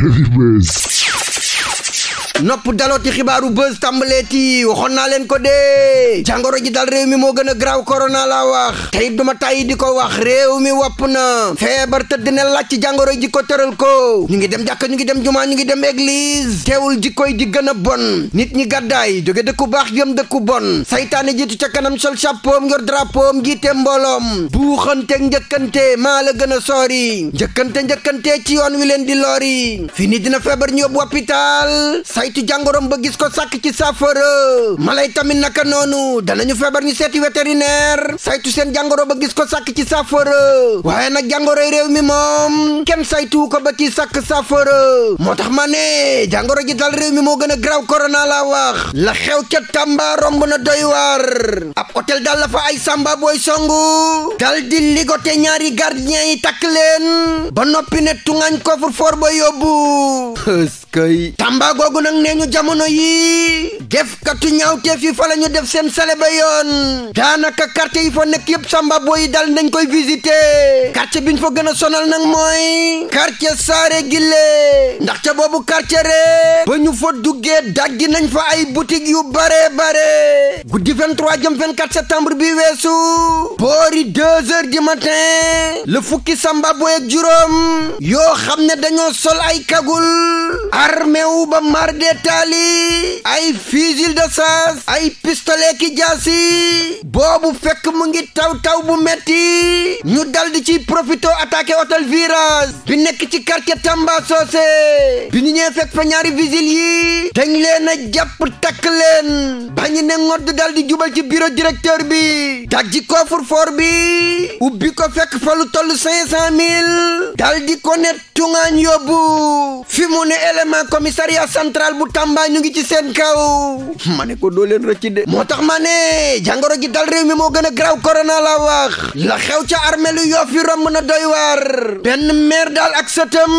Heavy Bass. nopp dalooti xibaaru buzz tàmbaleeti waxoon naa leen ko dee jàngoro ji dal réew mi moo gën a graaw korona laa wax du ma tàyyi di ko wax réew mi wopp na feebar tëdd na laaj ci jàngoro ji ko tëral ko ñu ngi dem jàkka ñu ngi dem jumaa ñu ngi dem église teewul jikkoy di gën a bon nit ñi gàddaay jóge dëkku baax jëm dëkku bon saytaane ji ca kanam sol chapeau yor drapeau jiite mbooloom buuxante njëkkante maa la gën a soori njëkkante njëkkante ci yoon wi leen di lori fini dina feebar ñu yóbbu hôpital saytu jàngoroom ba gis ko sàkk ci saafara mala yi tamit naka noonu dana ñu feebar ñu seeti vétérinaire saytu seen jàngoro ba gis ko sàkk ci saafara waaye nag jàngoro yi réew mi moom kenn saytu ko ba ci sàkk saafara moo tax ma ne jàngoro ji dal réew mi moo gën a graw corona la wax la xew ca Tamba romb na doy waar ab hôtel dal la fa ay samba booy songu dal di ligote ñaari gardien yi takk leen ba noppi ne tungañ coffre foor ba yóbbu ëskay Tamba googu nee ñu jamono yi defkatu ñaawteef yi fa la ñu def seen sale ba yoon daanaka quartier yi fa nekk yëpp samba booy yi dal nañ koy visiter quartier bi ñu fa gën a sonal nag mooy quartier saare gille ndax ca boobu quartier rek ba ñu fa duggee daggi nañ fa ay boutique yu bare bare guddi 23 jëm 24 septembre bi weesu boori 2 heures du matin le fukki samba booy juróom yoo xam ne dañoo sol ay kagul armé ba mar dee taali ay fusil de chasse ay pistolet ki jaasi boobu fekk mu ngi taw taw bu metti ñu dal ci profito attaqué hôtel virage bi nekk ci quartier Tamba Socé bi ñu ñëwee fekk fa ñaari vigile yi dañ leen a jàpp takk leen bañu ne ngodd dal di jubal ci bureau directeur bi daj ji coffre bi ubbi ko fekk fa lu toll cent mille dal ko ne tungaañ yóbbu fi mu ne élément commissariat central hôpital bu Tamba ñu ngi ci seen kaw ma ne ko doo leen rëcc de moo tax ma ne jàngoro ji dal réew mi moo gën a graw corona la wax la xew ca armée lu romb na doy waar benn maire daal ak sëtam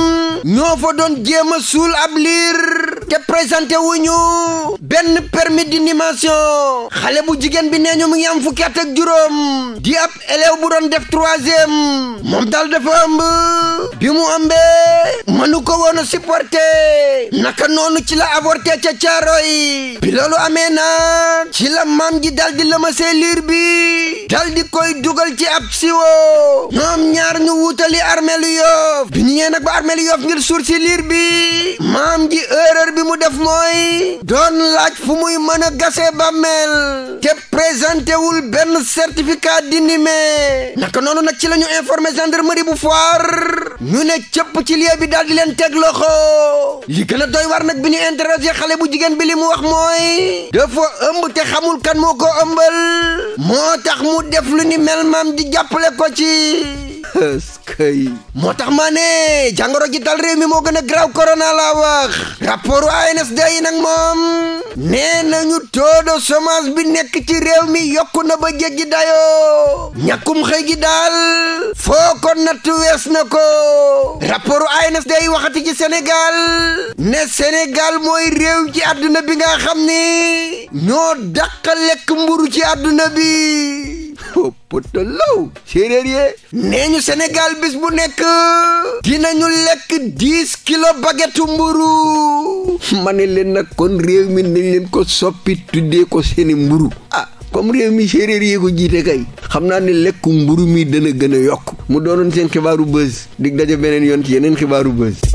ñoo fa doon jéem a suul ab liir te présenté wuñu benn permis d'inhumation xale bu jigéen bi nee ñu mu ngi am juróom di ab élève bu doon def troisième moom daal dafa ëmb bi mu ëmbee mënu ko woon a naka noonu ci la avorté ca caaro yi bi loolu amee nag ci la maam ji dal di lëmasee liir bi dal di koy dugal ci ab siwo ñoom ñaar ñu wutali armeelu Yoff bi ñu ñee nag armeelu Yoff ngir suur bi maam ji erreur bi mu def mooy doon laaj laaj fu muy mën a gase bàmmeel te présenté wul benn certificat d'inhumé naka noonu na ci la ñu informé gendarmerie bu Foire ñu ne cëpp ci lieu bi daal di leen teg loxo li gën war nag bi ñu interrogé xale bu jigéen bi li mu wax mooy dafa ëmb te xamul kan moo ko ëmbal moo tax mu def lu ni mel maam di jàppale ko ci askay moo tax maa ne jàngoro ji dal réew mi moo gën a graw corona laa wax rapport ANSD yi nag moom nee nañu taux de bi nekk ci réew mi yokku na ba jéggi dayoo ñàkkum xëy gi daal foo ko natt wees na ko rapport ANSD yi waxati ci Sénégal ne Sénégal mooy réew ci àdduna bi nga xam ni ñoo dàq lekk mburu ci àdduna bi popotalaw séeréer yee nee ñu senegal bis bu nekk dinañu lekk dix kilo bagetu mburu ma ne leen nag kon réew mi nañ leen ko soppi tuddee ko seeni mburu ah comme réew mi séeréer yee ko jiite kay xam naa ni lekk mburu mi dana gën a yokk mu doonoon seen xibaaru bës di daje beneen yoon ci yeneen xibaaru buzz